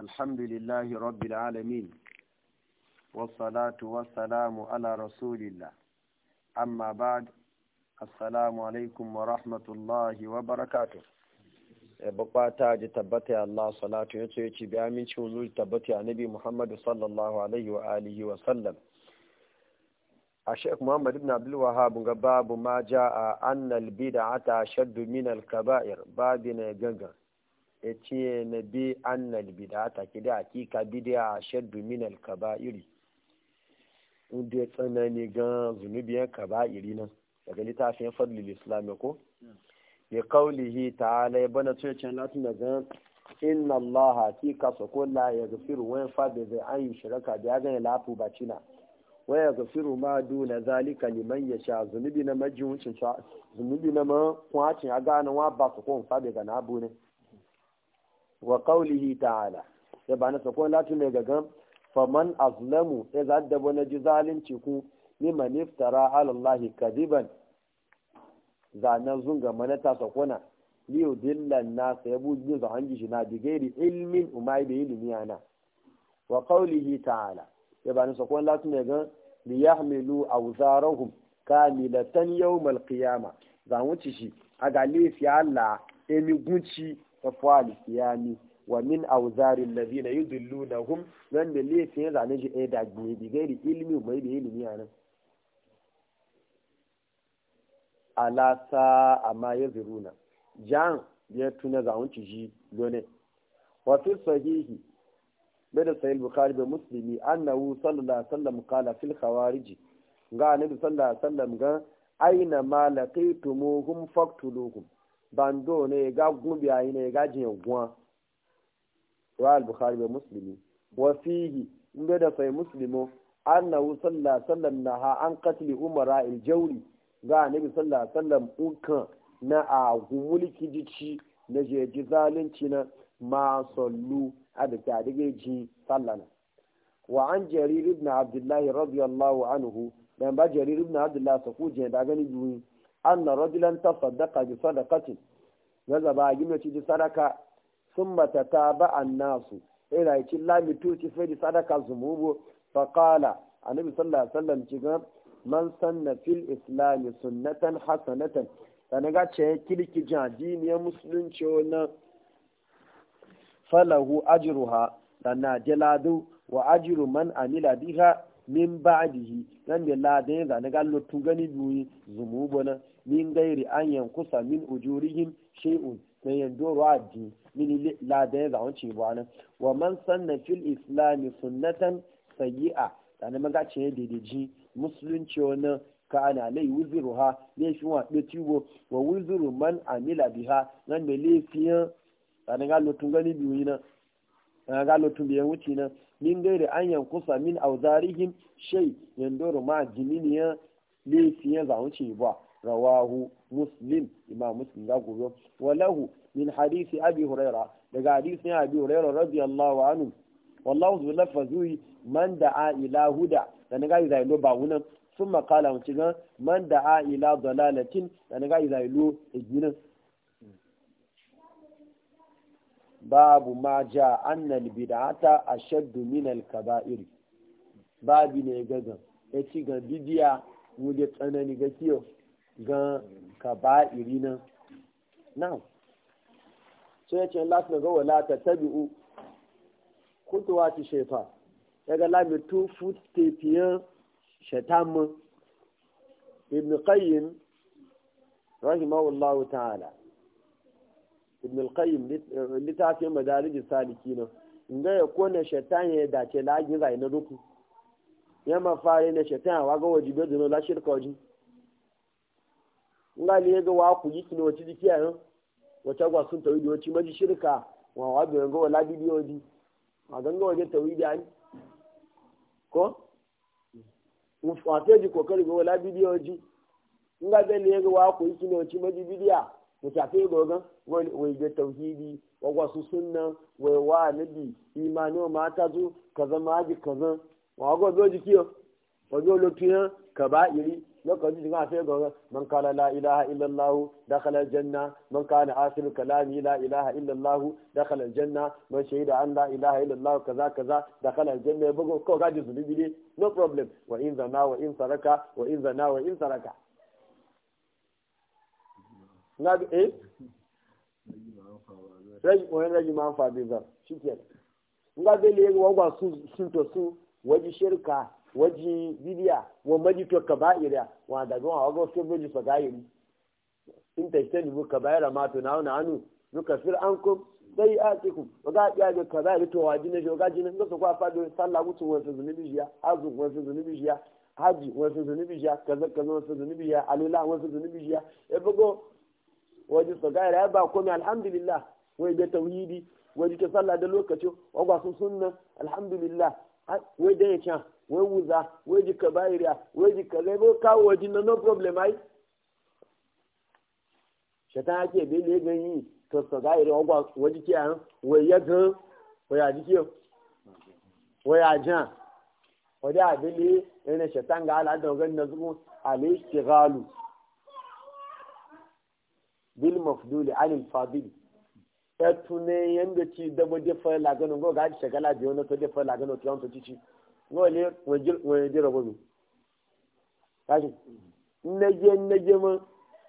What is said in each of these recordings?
الحمد لله رب العالمين والصلاة والسلام على رسول الله أما بعد السلام عليكم ورحمة الله وبركاته eh, babba ta ji tabbata ya Allah salatu ya ce ci bi aminci wuzuri tabbata ya nabi Muhammadu sallallahu alaihi wa alihi wa sallam a Sheikh Muhammad ibn Abdul Wahhab ga babu ma jaa annal bid'ata shaddu min al kaba'ir babu ne ganga ya ce na bi annal bidata ki da hakika bidiya shaddu min al kaba'iri inda ya tsanani ga zunubiyan kaba'iri nan daga littafin fadlul islam ko bi qawlihi ta'ala bana ce can latin daga inna allaha hakika sakola ya gafiru wa fa bi zai an shiraka da ga lafu bacina wa ya gafiru ma duna zalika liman yasha zunubi na majiwuncin zunubi na ma kwacin aga na wa ba su ko fa bi ga na abu ne wa qawlihi ta'ala ya ba na sakon latin mai gagan faman azlamu ya za na ji zalunci ku mimman iftara alallahi kadiban zanen zunga manata sakona liyu dillan nasa ya buji za hangi shi na digeri ilmin umar da ilimi yana wa qawlihi ta'ala ya ba na sakon latin mai gagan yahmilu awzarahum kamilatan yawmal qiyamah za ci shi a ga lafiya Allah emi gunci tafwali siyami wa min auzarin lazina yudillunahum nan da laifin ya zane shi ɗaya da gine bi gairi ilimi mai da ilimi a nan alasa amma ya na jan ya tuna zaunci shi lone wasu sahihi bada sahih bukhari da muslimi annahu sallallahu alaihi wasallam kala fil khawarij ga annabi sallallahu alaihi wasallam ga aina ma faqtuluhum bando ne ga gumbi ayi ne ga jin gwa wa al-bukhari wa muslimi wa fihi inda da sai anna annahu sallallahu sallam ha an qatli umara al-jawri ga nabi sallallahu sallam uka na a mulki jici na je ji zalunci na ma sallu a da ta dige ji sallana wa an jarir ibn abdullah radiyallahu anhu dan ba jarir ibn abdullah ku je da gani duniya anna rajulan tasaddaqa bi sadaqatin gaza ba gina ci ji sadaka summa tataba annasu ila yaci lami tuci sai sadaka zumubu fa qala annabi sallallahu alaihi wasallam ci ga man sanna fil islam sunnatan hasanatan sana ga ce kirki jadiniyar musulunci wannan falahu ajruha sana jaladu wa ajru man amila biha min ba'dihi nan da ladan yana ga gani biyu zumu bona min gairi an yankusa min ujurihim shay'un na yandoro addi min ladan ya zawon ba bana wa man sanna fil islami sunnatan sayyi'a tana maga ce ya daidaiji musulunci wani ka ana lai wuzuru ha laifin wa tiwo wa wuzuru man amila biha nan mai laifin tana ga lotun gani biyu na tana ga lotun biyan wuce na min gairi an yankusa min auzarihim shay yandoro ma jiminiya laifin ya zawon ba rawahu muslim imam muslim ga gobe walahu min hadisi abi huraira daga hadisin abi huraira radiyallahu anhu wallahu zu lafazuhi man da'a ila huda da na zai lo ba wunan sun makala mu cikin man da'a ila dalalatin da na gaji zai lo iginin babu ma ja annal bid'ata ashaddu min al kaba'ir babu ne gagan ya ci ga bidiya mu da tsanani ga gan kaba'iri nan now so ya ce lati na gawa ta tabi'u kutuwa ti shefa ga lami foot tafiyan fiye mu ibn qayyim rahimahullahu ta'ala ibn qayyim littafin madarijin saliki na inda ya kone shatan ya dace lagin rai na duku ya mafari na shatan a waga wajibe zino la shirka wajibe nga le ga wa ku yi kino ci dikiya yan wata gwa sun tawidi wacce maji shirka wa wa bi ga wala bidiyo di a ganga waje tawidi an ko mu fate ji kokari ga wala bidiyo ji nga ga le ga wa ku yi kino ci maji bidiya mu tafe ga ga wai ga tauhidi wa gwa su sunna wai wa nabi ma ta zo kaza ma ji kaza wa gwa zo ji kiyo wa zo lokiyan ka ba iri lokacin da sai ga man kala la ilaha illallah dakhala aljanna man kana akhir kalami la ilaha illallah dakhala janna. man shahida an la ilaha illallah kaza kaza dakhala aljanna bugo ko gaji zulubi ne no problem wa in zana wa in saraka wa in zana wa in saraka na bi eh rai wani rage ma fa bi zar shikenan in ga zai liye wa gwa sun to su waji shirka waji bidiya wa majito to kaba'ira wa daga wa ga so beji fa gayiri in ta ce ni buka bayara ma to na anu nuka an ankum sai atikum wa ga ya ga kaba'ira to waji ne ga jinin da su kwa fado sallah mutu wa su zunubi ya azu wa su zunubi jiya haji wa su zunubi jiya kaza kaza wa su zunubi ya alula wa su zunubi ya e bugo waji fa gayira ba mi alhamdulillah wai da tauhidi waji ta sallah da lokaci wa sun sunna alhamdulillah wai da ya can wai wuza wai ji ka bayiriya wai ji ka zai kawo waje na no problem ai shata ake bai ne gan yi to sa gayiri ogwa waje ke an wai ya gan wai aji ke wai ajan wai abili yana shatan ga ala da gan na zuwa al-ishtighalu bil mafduli anil fadili ya tune yanda ci dabo la lagano go ga shagala biyo na to defa lagano to yanto ci wale wani jira gobe kashi nage nage mun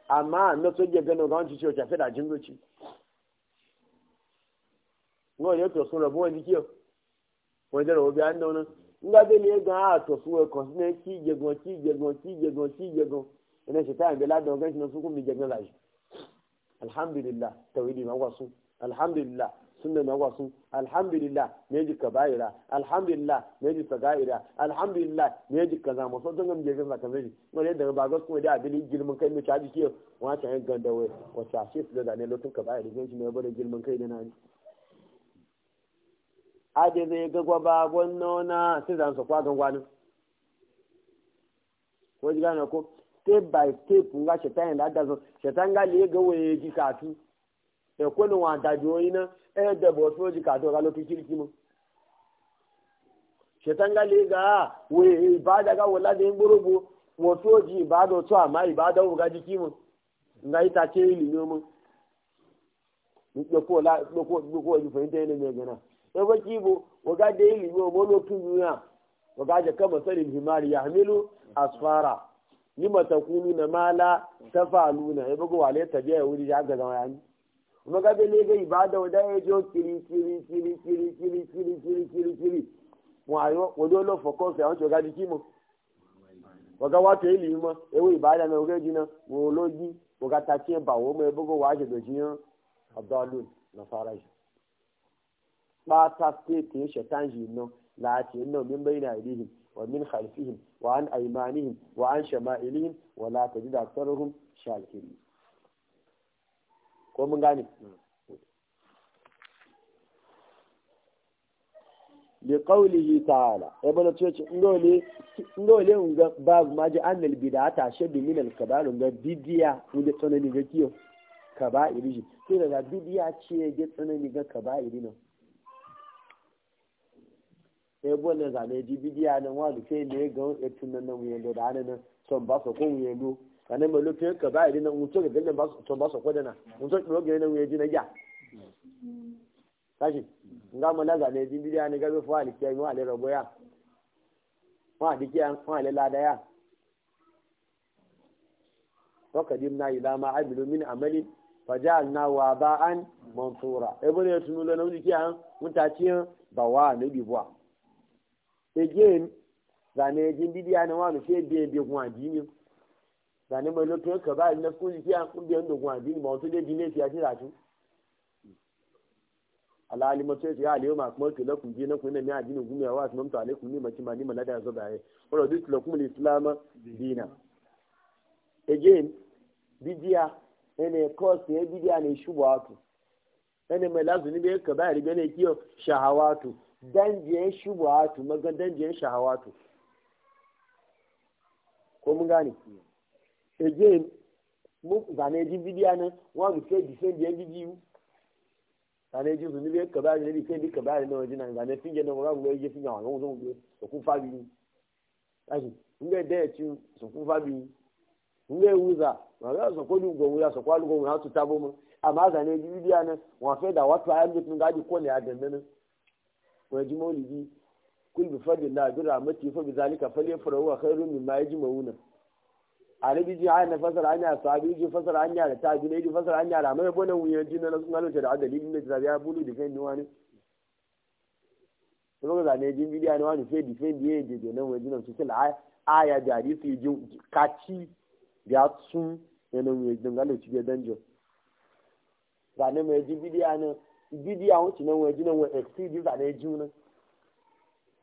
amma na so ge gano gawanci ciwo tafi da jingoci wale to sun rabu wani kiyo wani jira gobe an daunan nga bɛ ne gan a tɔ fún ɛ kɔnsinɛ tí jɛgɔn tí jɛgɔn tí jɛgɔn tí jɛgɔn ɛnɛ sɛ taa bɛla dɔn gɛnsi na sunkun mi jɛgɔn la yi tawidi ma wasu alhamdulillah. sunna na wasu alhamdulillah me ji bayira alhamdulillah me ji gaira alhamdulillah me ji kaza so dangan je kaza kaza zai mu ne ba bagas ko da abin girman kai mu taji ke wata ta yin ganda wai wata ta shi da zane lotun ka bayira zai ne bare girman kai da nani ade zai ga gwaba na sai zan so kwagan gwanin ko ji gane ko step by step nga shetan da da so shetan ga le ga waye ji k'a tu e ko wa da joyi na ẹ̀ẹ́dẹ̀bọ̀ tó di kàdó ọ̀gá ló fi kiri kí mu. ṣètàǹgà ga gà á wò ìbáàdà káwọ ládé ń gbórógbó wọ́n tó di ìbáàdà tó àmá ìbáàdà òwò nga yìí ta ké ìlú ní ọmọ. gbogbo ojú fẹ̀yìntì ẹni ní ẹgbẹ̀rún. ẹgbẹ́ kí ibo ọ̀gá dé ìlú ní ọmọ olókùn yìí asfara na máa lá tẹ́fà lúnà maga bele ga ibada wada ya jo kiri kiri kiri kiri kiri kiri kiri kiri kiri wayo wado lo focus ya wancho gadi kimo waga wato ya ili ma ewu ibada na oge jina wo lo ji ta ce ba wo me wa waje do jina abdalun na faraj ba ta ce ke shaitan ji no la ce no min baina ilihim wa min khalfihim wa an aymanihim wa an shama'ilihim wa la tajid aktharuhum shakirin ko mun gane bi qawlihi ta'ala ya bana ce ce ngole ngole ba ma ji annal bid'ata shaddu min al kabar ga bidiya unga ni ga kiyo kaba'iri ji sai daga bidiya ce ga ni ga kaba'iri nan sai bone zane ji bidiya nan wa da sai ne ga e tunan nan mu wuyen da nan son ba so ko mu do kane mai lokacin ka ba irin dina to ga ba to ba so kodana mun to duro ga nan yaji na ya kashi nga mana ga ne jin bidiya ne ga be fali ke mu ale rogo ya ma dike an ma ale lada ya to kadimna ila ma amilu min amalin fajalna wa ba'an mansura e bone tunu lo nan dike an mun ta ci ba wa ne bi bwa again zane jin bidiya ne wa no fe bi bi kun adini sani mai lokacin ka ba na kun jiki an kun biyan dogon addini ba wasu dai dine fiya ce rashi alhali mace ce ya aliyu masu mace na kun na kun nemi addinin gumiya wa su mamta alaikum ne mace ma ni malada ya zuba ya wadda duk lakum ne islama dina again bidiya ene kos ne bidiya ne shubawatu ene mai lazu ni bai ka ba ribe ne kiyo shahawatu danjiyan shubawatu maga danjiyan shahawatu ko mun gane again mu zane ji bidiya nan ke mu sai disen zane ji zuni biyan ka bayani na wajen zane na wura wura yake fiye wa wani zon biyu da kun fabi ni ashi ngai su kun ma ga so ko du go wuza so kwalu go wuza su tabo mu amma zane ji bidiya nan da watu ayan da a alibi ji ayan fasar anya sabi ji fasar anya da ta jina ji fasar anya da mai bonan wuyan jina na sun halitta da adali inda ta ya bulu da kan niwani sun ga zane jin bidiya ne wani sai defend ye je je nan wajen jina su sil aya da yi jin kaci ya sun yana wajen jin galo ci ga danjo zane mai jin bidiya ne bidiya wuce nan wuyan jina wuyan exceed zane jin nan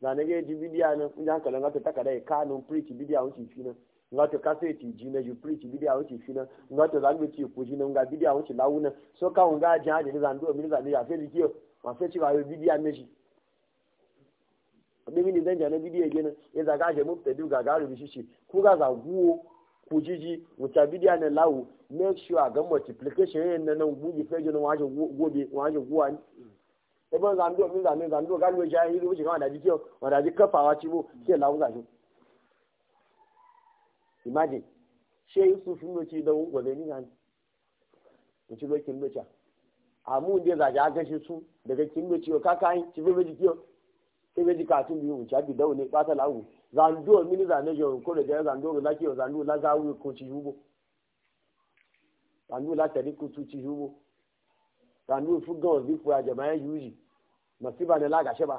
zane ga jin bidiya ne in ji hankalin ga ta takada ya kanun preach bidiya wuce shi nan nga to kase ti jina you preach bidia fina nga to zagbe ti ku jina nga bidia wuci lawuna so ka nga ja je ni zando mi zando ya feli kiyo ma fe ti ba yo bidia meji abin ni dan jana bidia gena ya zaga je mu tedu ga garu bishishi ku ga za guwo ku jiji wuta bidia na lawu make sure ga multiplication yin nan nan gugi fejo na waje gobe waje guwa ni e ban zando mi zando zando ga lo ja yi wuci ga da ji kiyo wa da ji kafawa ci bo ke lawu imagine ṣé yusuf ń lọ́ọ́ ti dánwó wọ̀lẹ́ nígbà ní òtí lọ́ọ́ kí ń lọ́ọ́ tà àmú ndé zàjà agẹ́ṣe sún dẹ̀gẹ́ kí ń lọ́ọ́ tì ọ́ káká yín tí méjì kí ọ́ méjì ká bí òun ṣáàbì dánwó ní pátá làwù zando mínísà nẹ́jọ kó lè jẹ́ zando rẹ̀ lákì zandu zando kò ti yúwó zando látẹ̀rí kò tún ti yúwó zando fún gan ọ̀bí fún àjẹmáyé yúyì mọ̀ síbà ní lágàṣẹ́bà.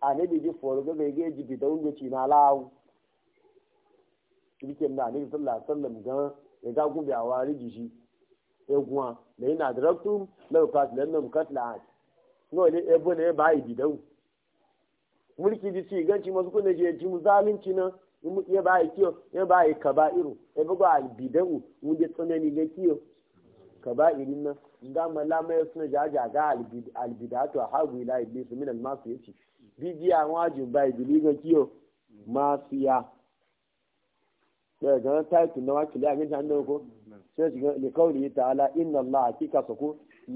anabi ji foro ga bai geji bi daun gaci na lawo yake da anabi sallallahu alaihi wasallam ga ya ga gumbi a wari jiji eguwa da yana directum lau katilan nan katilan no ne ebo ne ba yi bidau mulki ji ci ganci masu kuna je ji zalunci nan ya ba yi kiyo ya ba yi kaba'iru ya buga albidau wanda tsanani ga kiyo kaba'irin nan ga malama ya suna jaja ga albidatu a hagu ila iblis min almasu ya ce bíbí àwọn àjùbá ìdílé gan kí o máa fi ya bẹ́ẹ̀ táìtù náà wá kìlẹ̀ àgbẹ̀jà ń kó ṣẹ́ẹ̀sì gan nìkan ò ta ala iná la àkíkà sọ̀kú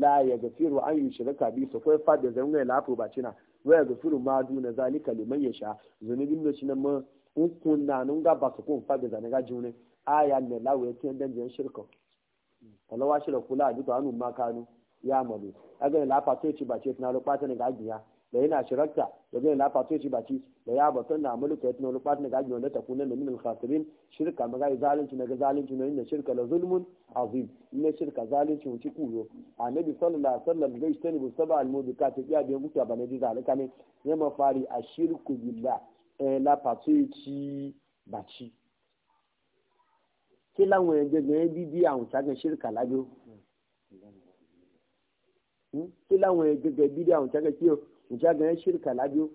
láàyè gàfírù an yi shirka bi sọ̀kọ́ ẹ̀fà dẹ̀zẹ̀ zẹ́wọ́n ẹ̀ láàpọ̀ bàtí náà wẹ́ẹ̀ gàfírù máa dùn náà zálí kàlẹ̀ mẹ́yẹ̀ ṣá náà mọ́ ń náà ń gà bà àyà láwẹ̀ tí ń ọlọ́wà kula àdúgbò àánú máa kánú yá mọ̀lú ẹgbẹ́ ìlà apàtó ìtì bàtí náà ló da yana shirakta da zai na fato shi baci da ya batun na mulka yatna wani kwatin ga ajiyar ta kunan da minal khasirin shirka ma yi zalunci na ga zalunci na yin shirka la zulmun azim ina shirka zalunci wuce kuyo sallallahu alaihi wasallam zai tani bu saba al mudika ta biya biyan ji zalika ne ya a shirku billah eh la fato shi àwọn kí o. ja ganin shirka labiyo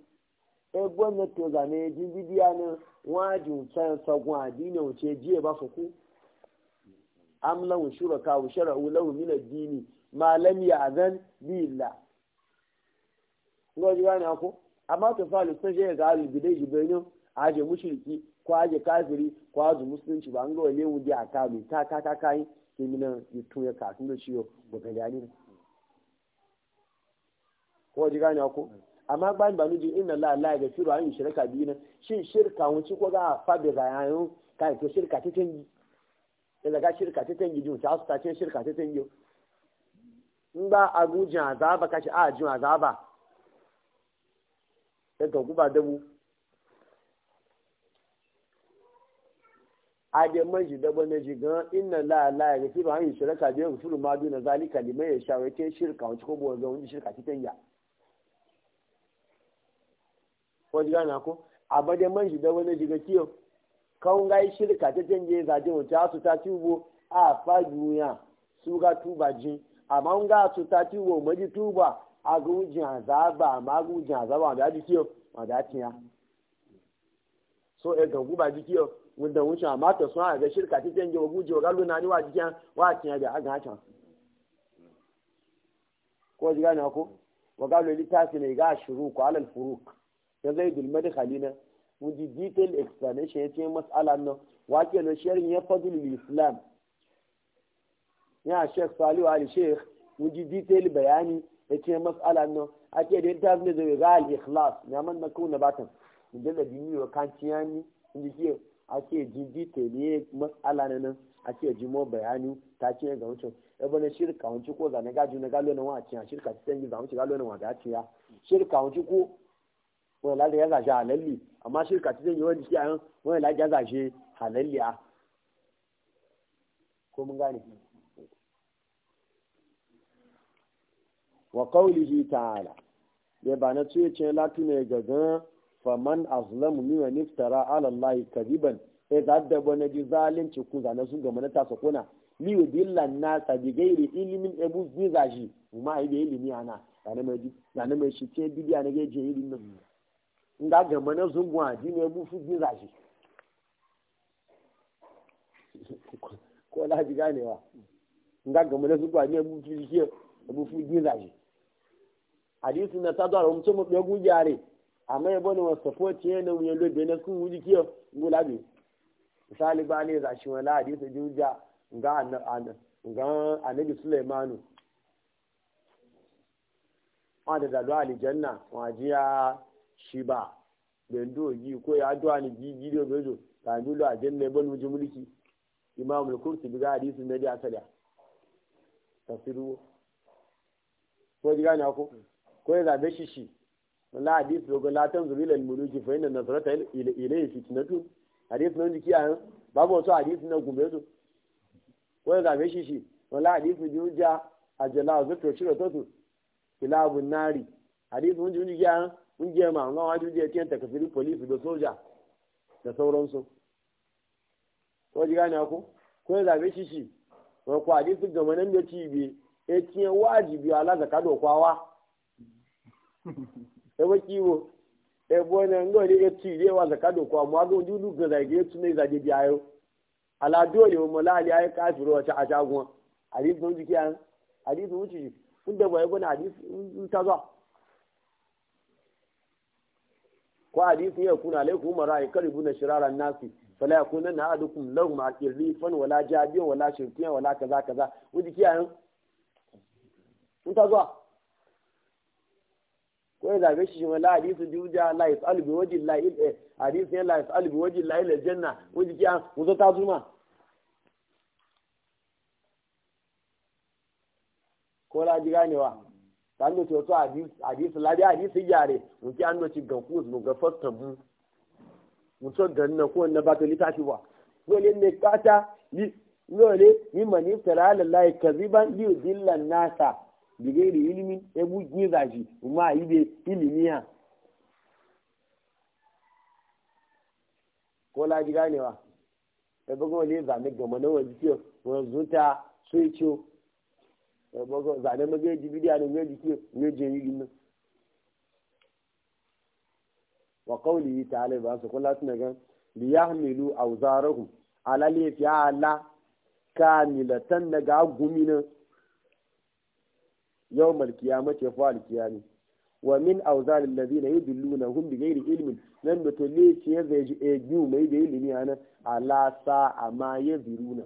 e gwamnati zane jin bidiya ne wajin tsayin sagun addini wuce jiya ba su ku am lahum shuraka wa shara'u lahum min ad-din ma lam ya'zan bi illah ngoji gane ko amma to falu sun je ga alu bidai jibenyo aje mushriki ko aje kafiri ko aje musulunci ba an ga wale wudi aka ta ka ka kai kiminan yutu ya kafin da ciyo ba ga dalilin ko ji gane ko amma bayan ba nuji inna la la ga firu an shirka biyu na shin shirka wuci ko ga fa da zayayo kai to shirka ta tangi da daga shirka ta tangi ji ta ta ce shirka ta tangi in ba abuja azaba kashi a ju azaba sai ka guba dabu ade manji daba na jigan inna la la ya firu an shirka biyu firu ma duna zalika liman ya shawai ta shirka wuci ko bo ga wani shirka ta tangi ko ji gane ko amma dai man shiga wani shiga kiyo kawun gai shirka ta canje zaje wuce su ta tubo a fajuya su ga tuba jin amma ga su ta tubo maji tuba a ga azaba ma ga wujin azaba a ya so e ga guba ji kiyo wanda wuce amma ta suna ga shirka ta canje wa guje wa ni wa jikin wa da aga wa ga shuru ko alal na zai dulmadi halina mun ji detail explanation yace mas'ala nan wake na sharhin ya fadlul islam ya sheikh salihu ali sheikh mun ji detail bayani yace mas'ala nan ake da ta zai zai ga al ikhlas ya man na kuna batan mun da dini wa kanciyani mun ji ake ji detail ne mas'ala nan ake ji mo bayani ta ce ga wucin ebole shirka wuce ko zane gaju na galo na wa a shirka ta sanyi ga wuci galo na wa da ciya shirka wuce ko wani lada ya zaje halalli amma shirka ta yi wani kiyayen wani lada ya zaje a ko mun gane wa qawlihi ta'ala ya ba na ce ce latu ne gagan faman azlamu mimman iftara ala kadiban sai za da ji sun gama na tasa kuna li yudilla nasa bi gairi ilimin ebu zizaji ma yi da ilimi ana zane mai shi ce bidiya na gaje ilimin nga gama na zungun addini ya bufu bin zashi ko laji ganewa nga gama na zungun addini ya bufu bin ya bufu bin zashi hadisi na ta zuwa mutum ya ɗaya gujare amma ya bani wasu foti ya na wuyan lobe na sun wuji kiyo ngula bi misali ba ne zashi wani hadisi juja nga annabi sulaimanu wanda da zuwa alijanna wajiya shi ba bendo gi ko ya duwa ni gi gi do bezo ta dulo a janna ban wuji mulki imam al-kursi bi ga na nabi asaliya tafsiru ko ji gane ko ko ya zabe shi shi la hadis logo la tanzuru ila al-muluki fa inna nazrata ila ilayhi fitnatu hadis nan jiki a babu wato hadis na gumbe su ko ya zabe shi shi wala hadis bi hujja ajala zato shi da to kilabun nari hadis mun ji jiki a ƙungiyar dị a ji tiyan takafiri polisi da soja da sauransu o ji gane ku ko ya zabe shi shi ko ko hadisi gama nan da cibi e tiyan wajibi ala zaka e ba kiwo e bona ngori e tiye wa zaka ndị kwa ma go dudu ga na tunai zage ayo ala dole mu la ali ka kafiru wa ta jagun hadisi don jiki an ta wa hadithu ya kuna alaikum mara ya karibu na shiraran nasi fala ya kuna na ma lahum akirifan wala jabiyan wala shirkiyan wala kaza kaza wuji kiyayen mun ta zuwa ko ya zabe shi wala hadithu juja la yasalu bi wajhi la il eh, hadithu ya la yasalu bi wajhi la il janna wuji kiyayen mun zo ta zuma ko la ji ganewa tando ci wato hadisi ladi hadisi yare mutu an noci gan kuwa mu ga fasta bu mutu gan na ko na bato litafi wa dole ne kata yi dole ni mani tara lallahi kaziban li dillan nasa bigeri e ilimi ebu gizaji kuma ibe ilimiya ko laji ganewa ebe gole zane gama na wanzu ta sai ciwo bogo zane mage ji bidiya ne ngeji ke ngeje yi ne wa qawlihi ta'ala ba ko kula tuna ga li yahmilu awzarahum ala li fi'ala kamilatan daga gumina yawmal qiyamati fa al ne wa min awzar alladhina yudillunahum bighairi ilmin nan da to le ce zai ji e mai da ilimi ana ala sa amma yadhiruna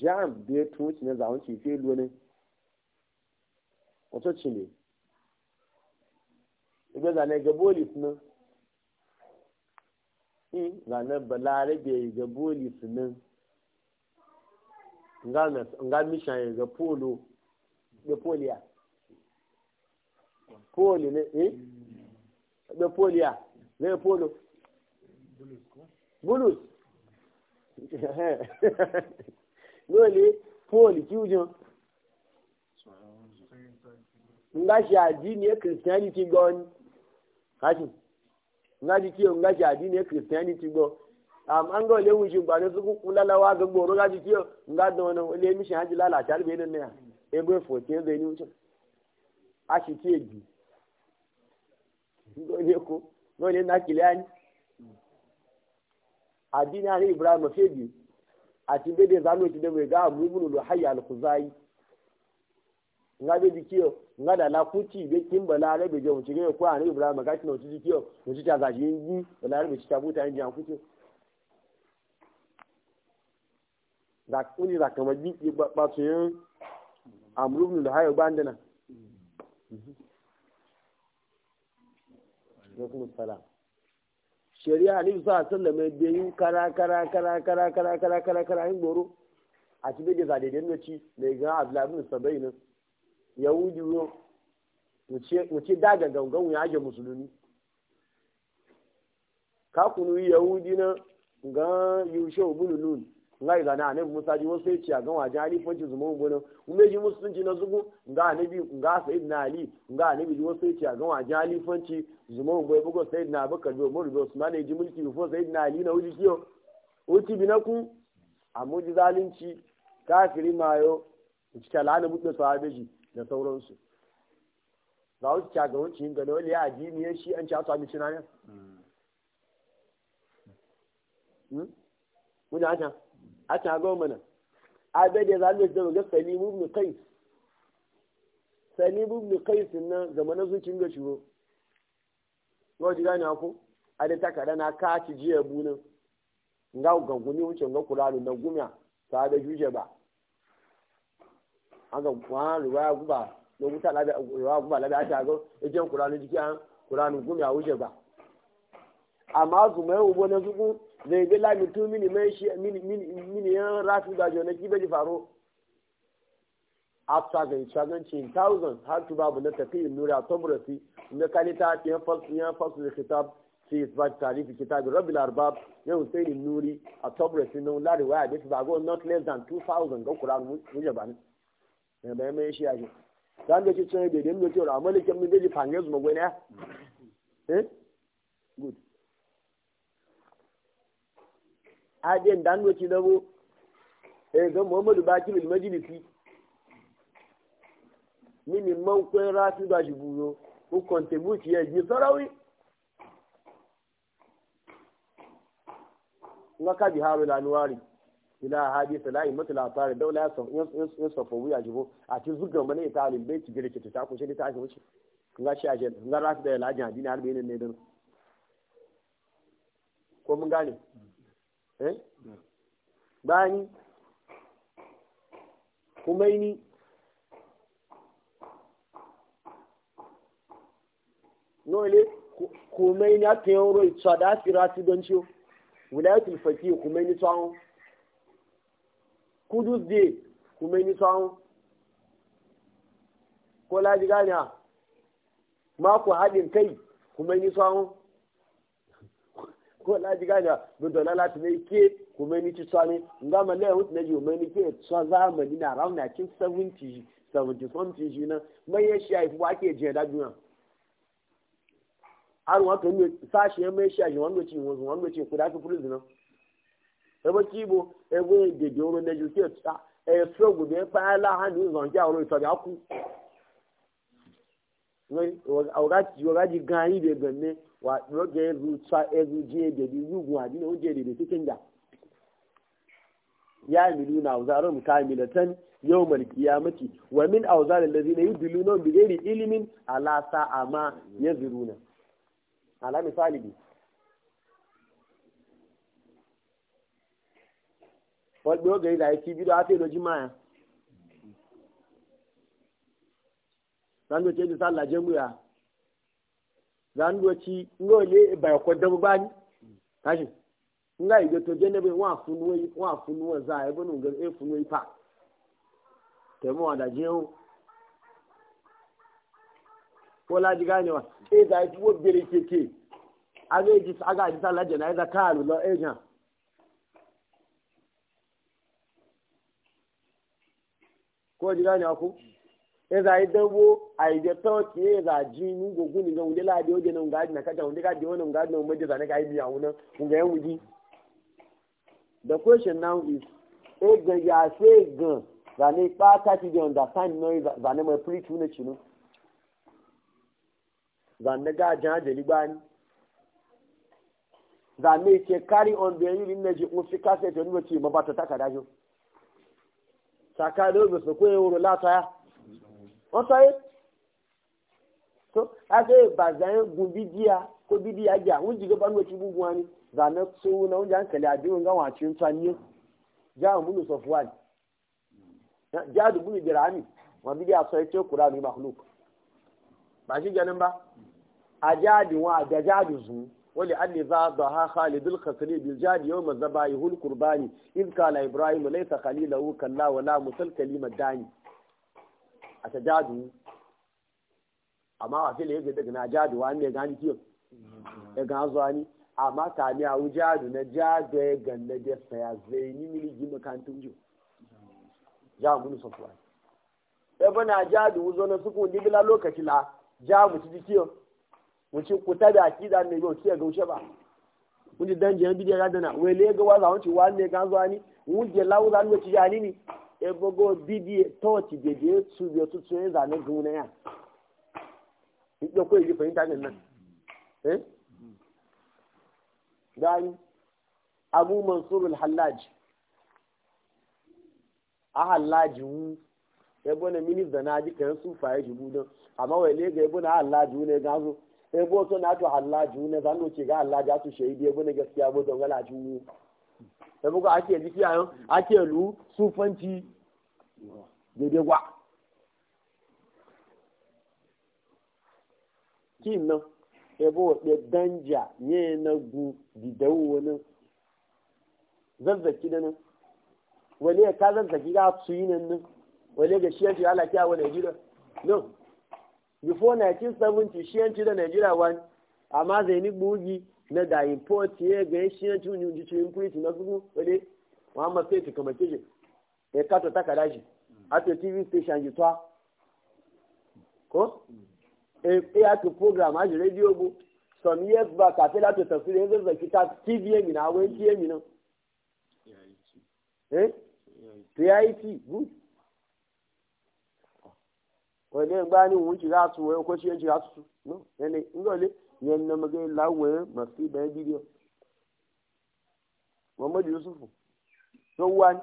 jam da ya tun ci na zawon ci fiye lone wato ci ne ibe zane ga bolis nan in zane balare da ga bolis nan nga mishan ya ga polo da poliya poli ne eh da poliya ne polo bulus bulus lóòlé póòlì tí ó jẹun nga ṣe àdínì kìrìsìtẹ́nìtì gbọ́ ni káṣí nga ṣe tí o nga ṣe àdínì kìrìsìtẹ́nìtì gbọ́ àmàngọ̀ léwu ṣe gbàdé kún gbogbo òru nga tí o nga dán ọ̀nà olè míṣẹ́ lálẹ́ àtàlù bẹ́ẹ̀ lónìí à ní a ṣe tí èjì lónìí kó lónìí nàkìlẹ́ àní àdínì a ti bede zanu ti debe ga abu ibnu luhayy al-khuzai nga be dikiyo nga da lakuti be kimbala re be jom ci ga ko an ibrahim ga tino ci dikiyo mu ci ta ga yi bala re be ci ta buta an jan kuci da kuni da kamar jingi ba ba su yin amru ibn luhayy bandana Assalamu mm-hmm. salam shari'a ni sa sallah mai da yin kara kara kara kara kara kara kara kara yin goro a cikin da daidai na ci mai ga abdullahi bin sabai nan yahudi mu ce daga gangan ya ajiye musulmi ka kunu yahudi na ga yushe bulunun nga yi zana anabi musa ji wasu yace ga wajen fanci zuma gudun ume ji musulunci na zugu nga nabi nga sayid na ali nga anabi ji wasu yace ga wajen fanci zuma gudun bugu sayid na abubakar bi umaru bi usman ji mulki bifo sayid na ali na wuji kiyo wuci bi na ku amma ji zalunci kafiri mayo cika lana mutu sahabeji da sauransu za wasu cika ga wucin ga wani ya addini shi an ci asu abinci na ne? Muna hmm. hmm? haka? a na haga mana a bai da zaɓe da ga salimu ibn qais salimu ibn na zuci zuciyar ga shigo ko ji gane ko a da takara na ka jiya ga gumi wuce ga kuranu na gumiya ta da juje ba an ga kuma ruwa guba da wuta ruwa guba labe a ta ga ejen kuranu jiki an gumiya wuce ba amma zuma yau na zuku zai bi lami tu mini mai shi mini yan rafi da jona ki bai faro after ga shaganci thousand har tu babu na tafi nura tabrasi na kalita yan fasu yan fasu kitab fi isbat tarif kitab rabbil arbab ya husain nuri a tabrasi na la riwaya da ba go not less than two thousand ga qur'an muje ban ne bai mai shi aje dan da ci tsaye da dan da ci ra malikin min da ji fange zuma gwana eh good ajen da hannu ci dabo eh ga muhammadu baki bil majlisi mini man kwen rafi ba shi buyo ko contribute ya ji sarawi na kaji haru lanuwari ila hadisa la yi mutula tare daula ya sofa wuya jibo a ci zuga mana ita alimbai ci girki ta kushe ne ta ake wuce nga shi ake nga rafi da ya lajin hadini har bayanin ne don ko mun gane eh bani kumaini nole kumaini a kan yawon ita da a firasi don ciwo wilayatul faki kumaini tsawon kudus day kumaini tsawon ko laji gani mako haɗin kai kumaini tsawon ko laji gani bi na lati ne ke kuma ni ci tsani nga ma le wuti na ji mai ni ke tsa za ma ni na round na kin 70 70 something ji na mai ya shi aifu ake je da duniya har wa kan sashi ya mai shi aifu wanda ci wanda wanda ci ku da ku prison e kibo e go de de oro ke tsa e so go be pa la ha ni zon ja oro to ja ku ngai o ga ji o ga ji gan yi de gan ne wa roge ru tsa ezu je da bi yugun abi ne oje da cikin da ya milu na auzarum yau yawmal qiyamati wa min awzal allazina yudilluna bi ghairi ilmin ala sa'a ma yazruna ala misali bi wa do ga ìlà e, ìfi bi do ate jimá jima ya dan do je sá sala jemu ya. zanduwaci ngole ba ya kwadda ba ni tashi nga yi to jene be wa nwa wa funuwa za ya e bunu ga e funuwa fa te mo ada jeo ko la diga ni wa e da ji e wo bere eji age ji aga ji sala jena e da kalu lo e jan ko diga ni aku yi idabo a ide toci eza ji nu go guni ga unde la de ode na na kaja unde ga de wona na umede za ga ibi awuna unga yan wuji the question now is egan ya se gan za pa ta ti de understand no za ne mo preach una chinu za ne ga jan de ni za ne ke carry on be yiri ne ji un fika se to ni mo ti mo ba to takada jo sakado be so ko e lata wọ́n sọ yé tó ase bazan gun bidia ko bidia ja ŋun jigi ba ŋun ti bubu wani zana sowu na ŋun jan kɛlɛ a diŋo ŋa wọn àti n tɔn nye jaa mun de sɔ fo wani jaa de mun de jɛra ami wọn bidia sɔ ye tɛ kura mi ma kulu baasi jɛni ba a jaa di wọn a jaa jaa di zuu. ولأن ذا ضحى خالد الخصري بالجاد يوم ذبائه القرباني ibrahim lẹ́yìn إبراهيم ليس kàlá كلا ولا مثل mà dání. a ta jadu amma a fili yadda daga na jadu wa ne gani kiyo ya mm-hmm. zuwa ni amma a jadu na jadu ya ganna da saya zai ni mili ji makantun jiyo mm-hmm. ja mun sofuwa ya jadu wuzo na suku ni bila lokaci la ja mu ci kiyo mu ci kuta da ne kiyo gaushe ba ji bidiyar ga wa ne zuwa ni ya ebogo bidi tochi dede su biyo tutu ne zane gune ya ɗauko yi fahimta ne nan eh abu mansur al-hallaj a wu ebo na mini zana ji kayan su faye jibu don amma wai ga ebo na hallaji wu na wu ga su shaidi na gaskiya bo don wu saboda ake liki a yau ake lu sufanci daidai gwa ki nan ebo ɗe danja ne na gu bidawo wani zazzaki da nan wale ka zazzaki ga su yi nan nan wale ga shi yanci ala kiyawa nigeria no before 1970 shi yanci da nigeria wani amma zai ni bugi meda import ye ga shi ya tuni ji tuni print na gugu wale wa ma sai ka e ka to a tv station ji to ko e e a to program a ji radio bu some years back a fela to tv e mi na wai tv mi no eh to good wale ngba ni ji ra su no yan na magai lawaye masu bayan bidiyo muhammadu yusufu sauwa ne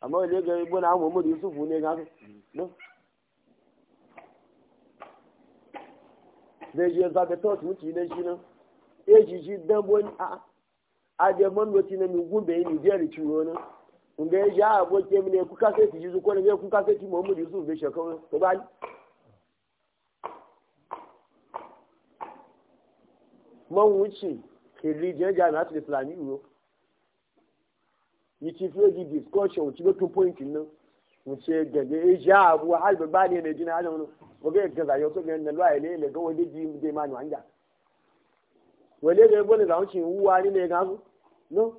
amma wani ga ibu na muhammadu yusufu ne ga no zai je zaɓe ta wasu mutu idan shi nan eji shi dan a a je na mi gumbe ni je ri ciwo na nga ya aboke mi ne kuka sai ti yusu ko ne kuka sai ti muhammadu yusufu bai shekau ko ba man wuce religion jami'atul islami uro yi ti fiye discussion two point asia na jina hajjan wani waga yadda ji ma ni wanja wale ga yabo ne za wuce wuwa na ne gasu no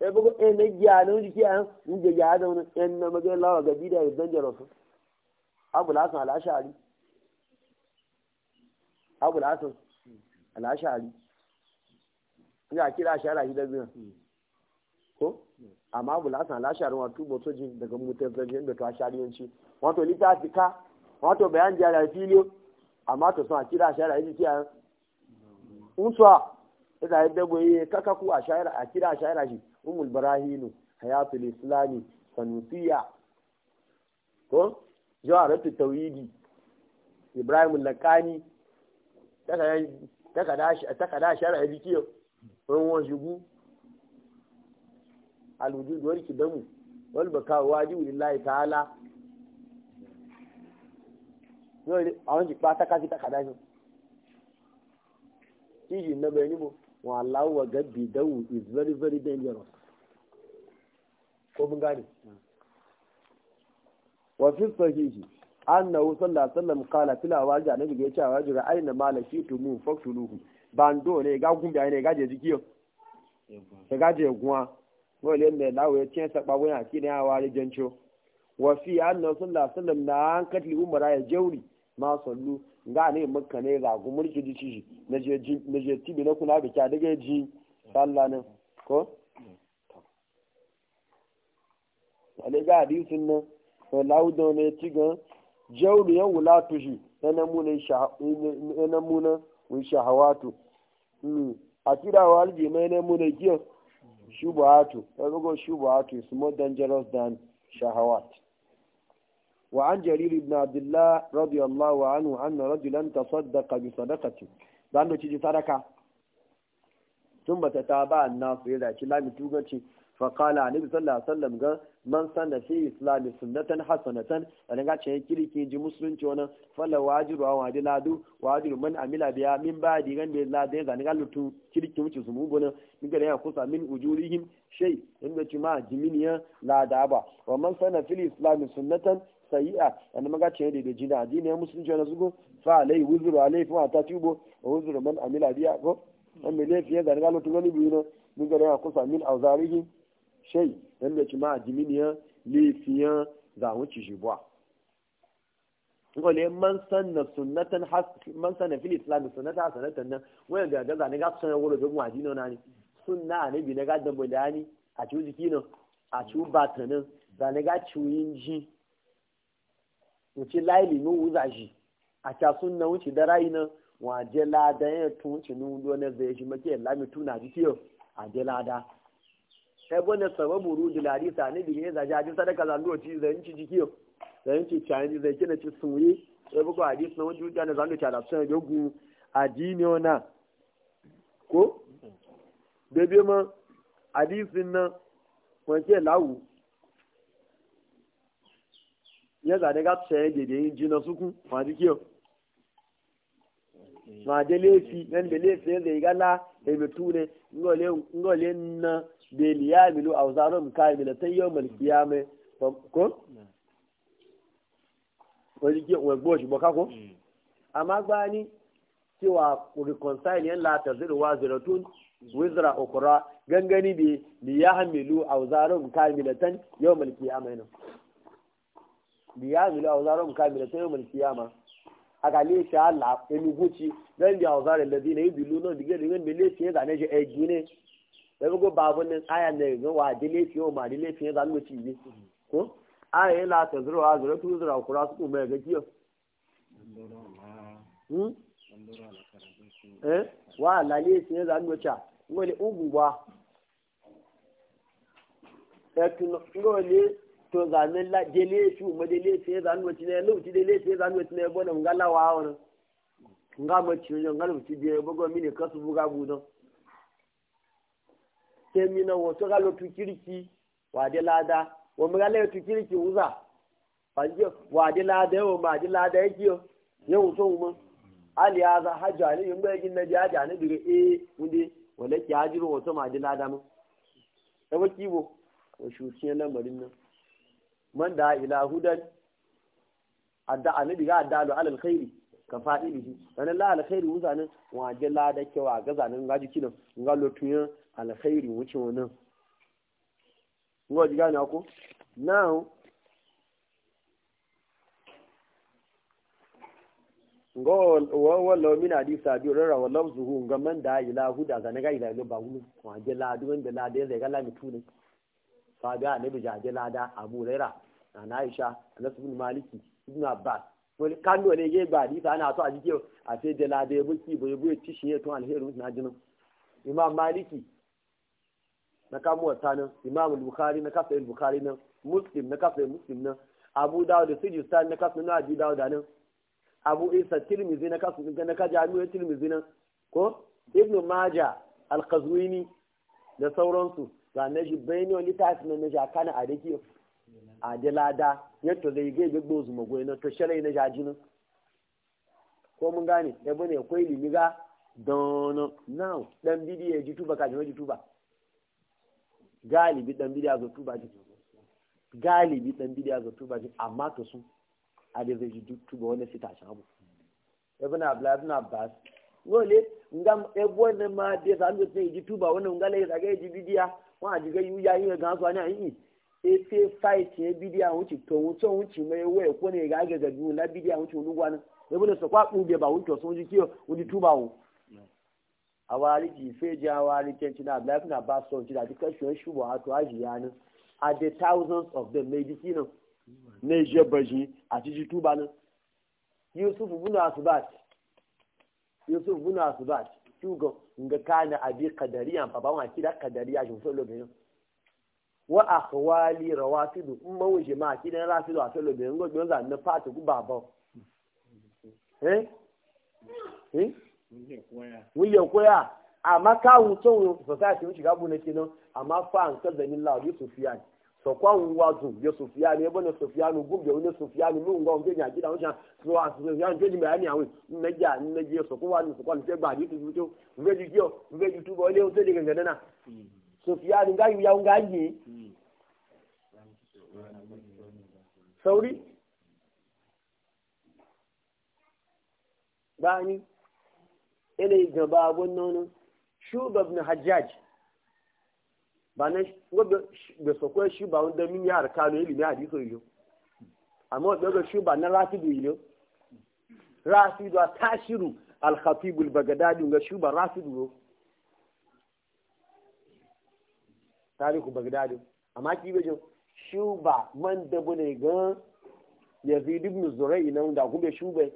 e bugo e ne gya ne wuce kiya na ga ya da wani en na maga lawa ga bidiya da danjaro su abu al'ashari ya kira ashara shi daga ko amma abu lasan al'ashari wa tubo sojin daga mutar zargin da to ashari yanci wato littafi ka wato bayan jara filo amma to sun a kira ashara yi kiya unsuwa ita yi dago yi kakaku a kira ashara shi umul barahinu hayatul islami sanusiya ko jawaratu tawhidi ibrahim lakani ta takada shara abi kiyo wani wani shigu alwujud wani kidamu wani baka wajibu lillahi ta'ala yóò àwọn ta tákàtí takada iji na nàbẹ níbo wọn aláwọ gabi dẹwù is very very dangerous kó fún gáàdì wọ́n fi sọ annahu sallallahu alaihi wasallam qala fil awaji annabi ga yace awaji ra aina mala shi tu mu faktuluhu bando ne ga gumbi ne ga je jikiyo ga ga je gwa guwa wole ne lawo ya tiyan saba wani ki ne awari jencho wa fi annahu sallallahu alaihi wasallam na an katli umara ya jawri ma sallu ga ne makka ne ga gumur ki ji ci na je na je ti tibi na kula ka daga ji sallallahu nan ko ale ga hadisin nan lawo don ne ti gan jawmi yau wula tuji yana muna wun shahawatu hmm. a tira wa alji mai yana muna giyan shubuhatu ya zago shubuhatu more dangerous than shahawat wa an jariri na ibn abdullah radiyallahu wa anu an na rajula ta sadaka bi sadakati zan da ciji sadaka tun ta ta ba an nasu ya zaki lami tugan ce فقال النبي صلى الله عليه وسلم قال من سن في الاسلام سنه حسنه أنا قاعد شيء كذي كينجي مسلم تونا فلا واجب او واجب لادو واجب من عمل بها من بعد يعن بلاد يعن قال له تو كذي كم تسمو بنا من كذا يخص من اجورهم شيء إن بتشما جمينيا لا دابا ومن سن في الاسلام سنه sayi'a yana maga ce da da jina addini ya musulunci wani suko fa alai wuzuru alai fi mata tubo a wuzuru man amila biya ko an mai laifi ya zarga lotu gani biyu na duk da ya kusa min auzarihi shai dan da ma jiminiya lefiyan zamu ci shi bwa ngole man sanna sunnatan man sanna fil islam sunnata sanatan nan wayan ga ga zane ga sunan wuro ga waji no nani sunna ne bi na ga dan bodani a ci jiki no a ci batanin zane ga ciwin ji wuce laili mu wuza shi a ta sunna wuce da rayi nan waje da ya tun ci nu do na zai shi make lami tuna ji kiyo a je da. ebo na sababu rudu larisa ne bi ne za jaji sadaka za ndo ci zan ci jiki zan ci cani zai kina ci suyi ebo ko hadis na wani da zan ci da sun yogu adini ona ko bebe ma hadisin na wace lawu ya za daga tsaye gede yin ji na suku ma jiki ma de lefi nan da lefi zai gala da mutu ne ngole ngole na bai liya milu a zaron kayan milatan yau malki ya mai ko? wani ke wagbo shi boka ko? amma gbani cewa reconcile yan latar zirwa ziratun wizra okura gangani bai liya hamilu a zaron kayan milatan yau malki ya mai nan liya milu a zaron kayan milatan yau malki ya ma a gale shi Allah ya don biya wa zarar lazi na yi bilu nan digar digar mele ce ya zane shi a gine da bugu babu nan aya ne ga wa dile fiyo ma dile fiyo za mu ci ne ko aya yana a zuro tu zuro kura su mai ga kiyo hmm eh wa lale fiyo za mu ci ngole ugu ba ya eh, tuno ngole to za ne la dile fiyo ló ti fiyo za mu ci ne lu ló ti fiyo za mu ci ne bonan galawa wa ngama ci yo ngala ci je bugo mini kasu buga budon kemi na wato ga lotu kirki wa de lada wa mu ga lotu kirki uza fanje wa de lada wa ma de lada yake yo yau so mu ali ya haja ali ne yin gin na ji hajja ne dire eh wunde wala ki hajiru wato ma de lada mu da e baki bo wa shuci lamarin nan man da ilahudan hudan adda anabi ga adda alal khairi ka faɗi da shi wani la alkhairi wuzanin waje la da wa ga zanen ga jiki nan ga lotuyan alkhairi wuce wannan ngo ji gane ko now ngo wa mina di sa bi rara wa lafzuhu ga man da ilahu da zanen ga ilahu ba wa waje la duwan da la da zai ga la mitu ne fa ga ne bi je la da abu rara na aisha anas bin maliki ibn abbas wani kano ne ya ba hadisa ana so a jike a sai da lada ya buki bai bai ci shi ya tun alherin na jinin imam maliki na kamo wata nan imam bukari na kafa yin bukari nan muslim na kafa yin muslim nan abu dawo da sujistan na kafa na abi dawo da nan abu isa Tilmizi na kafa na kaji hannu ya tilmizi nan ko ibn maja alkazwini da sauransu ga na shi bayani wani tafi na na jakana a dake a da lada yadda zai gai gbogbo su goyi na to sharai na jajinin ko mun gane ya bane akwai limiga don now dan bidi ya ji tuba kajin ji tuba galibi dan a zo tuba ji galibi dan a zo tuba ji amma to sun a da zai ji tuba wani sita shi abu ibn abdullahi ibn abbas wole ngam ya ne ma de zan ji tuba wani ngale ya ga ji bidiya wa ji ga yu ya yi ga wani ne yi efe fight ya bidiya wuce to wuce wuce mai waya ko ne ga ga gabi na bidiya wuce wani ya bude su kwaɓu bai ba wuce sun ji kiyo wuce tuba wu a wari ji fe ji a wari can cina abu lafi na ba su cina duk kashi wani shubo hato a ji yanin a the thousands of them mai biki nan na je baji a ci ji tuba nan yusuf bunu asubat yusuf bunu asubat shugo nga kana abi kadariya fa ba wa kida kadariya shi so lokacin wa akhwali rawatidu in ma wuce ma kidan rafidu a salo da yango don na fata ku baba eh eh wuje koya amma ka wuto society mun shiga bune ka zanin la e bone sufiyan gum bi ne sufiyan mu na nge nya gidan sha so as sufiyan je jimba ni na ja na je so ko wa ni so kwa ni je gba ni na sufyan ga yi sauri bani ele gaba abun nono shubab na hajjaj ba na da sakwai shuba wanda min ya harkano ilimin hadiso ilo amma wadda ga shuba na rafidu ilo rafidu a tashiru alhatibul bagadadin ga shuba rafidu ilo tarihu bagdadi amma ki be shuba man da bune ga yazid ibn zurai nan da kuma shuba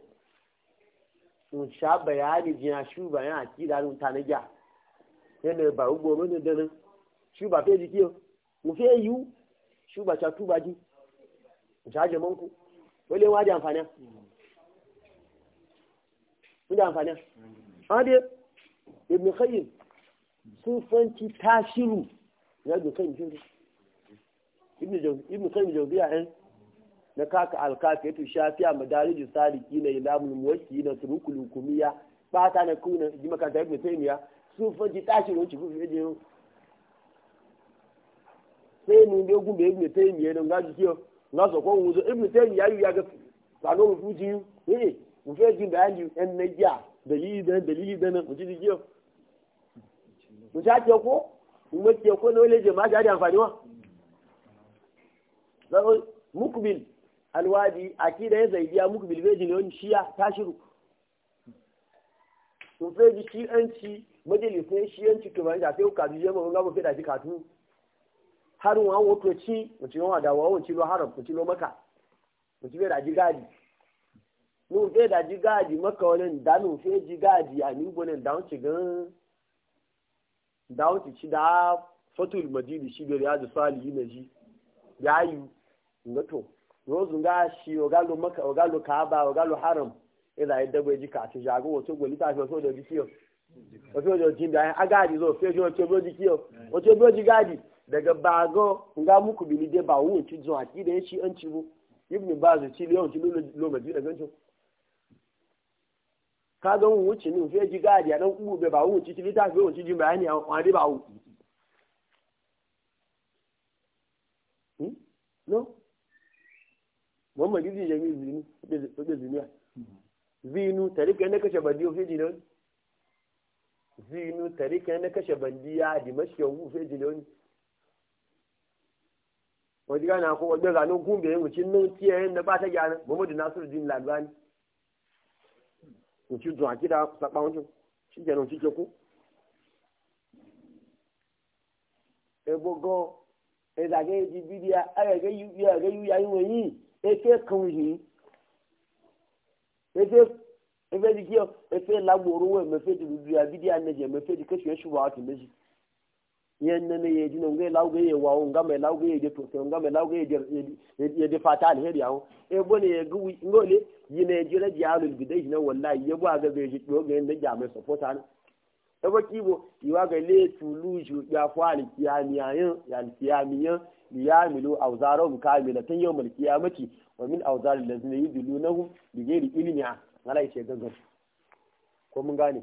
mun sha bayani jiya shuba yana da dun ta naja yana ba ugbo mun da nan shuba fe jiki mu fe yi shuba cha tuba ji mu sha jaman ku wale wa da amfani mun da amfani hade mm. ibn khayyim sufanci tashiru ibn kan jaubiya ɗin na kaka alkaka yato shafiya madariju saliki na ilamun muwaki na surukul hukumiya bata na kuna ji makanta ibn taymiya sun faji tashi ne wuce fufi yaje sai mun ga gumbe ibn ya nan gaji kiyo na so ko wuzo ibn ya yi ya ga sano mu fuji yu eh mu feji na dalili dan dalili dan mu ji kiyo mu kuma ke ko na wale jama'a da amfani wa zaro mukbil alwadi akida ya zaidiya mukbil bai jini wani shiya ta shiru to sai ji shi'anci majalisai an to bayan da sai ka ji jama'a ga mafi da shi katu har wa wato ci mutum yawa da wawan ci lo haram ku ci lo maka mutum bai da ji gadi nun bai da ji gadi maka wani da nun sai ji gadi a nubonin da wuce gan da wuce ci da fatul majidi shi da riyadu salihi na ji ya yi ngato rozun ga shi ogalo maka ogalo kaaba ogalo haram ila yadda bai ji kati jago wato ta da jikiyo wato da jin da zo wato jikiyo wato ji gadi daga nga muku ba ci zo da shi an ci bu ibn baz ci ci lo ka ga wuce ni fe ji gaadi a dan ku be ba wuce ci lita fi wuce ji bayani a wani ba wuce hmm? no ma gizi jami zinu be zinu zinu tarika na kashe badiyo fe ji don zinu tarika na kashe bandiya di mashiyar wu fe ji don wani gana ko wani ganin gumbe yin wucin nan tiyayen da ba ta gyara muhammadu nasiru din lalbani nci zuwa gida saɓa wajen shi ke nan cike ku ebogo ezage eji bidiya ayage yuyi ayage yuyi ayi wọnyi efe kan yi efe efe di kiyo efe lagboro wẹ mefe di bidiya bidiya neje mefe di kesu esu wa ọtí meji. yan nan ne yaji nan gai lauga ya wawo nga mai lauga ya je to sai nga mai lauga ya je ya je fata alheri yawo e bone ya gu ngole yi ne ji raji alul bidai nan wallahi ya bu aga zai ji doga yan da jami'a support an e ba kibo yiwa ga le tuluju ya fani kiyamiyan ya kiyamiyan liyamilu awzarahum kamilatan yawmal qiyamati wa min awzaril ladzina yudlunahum bi ghairi ilmi ala ishe gangan ko mun gane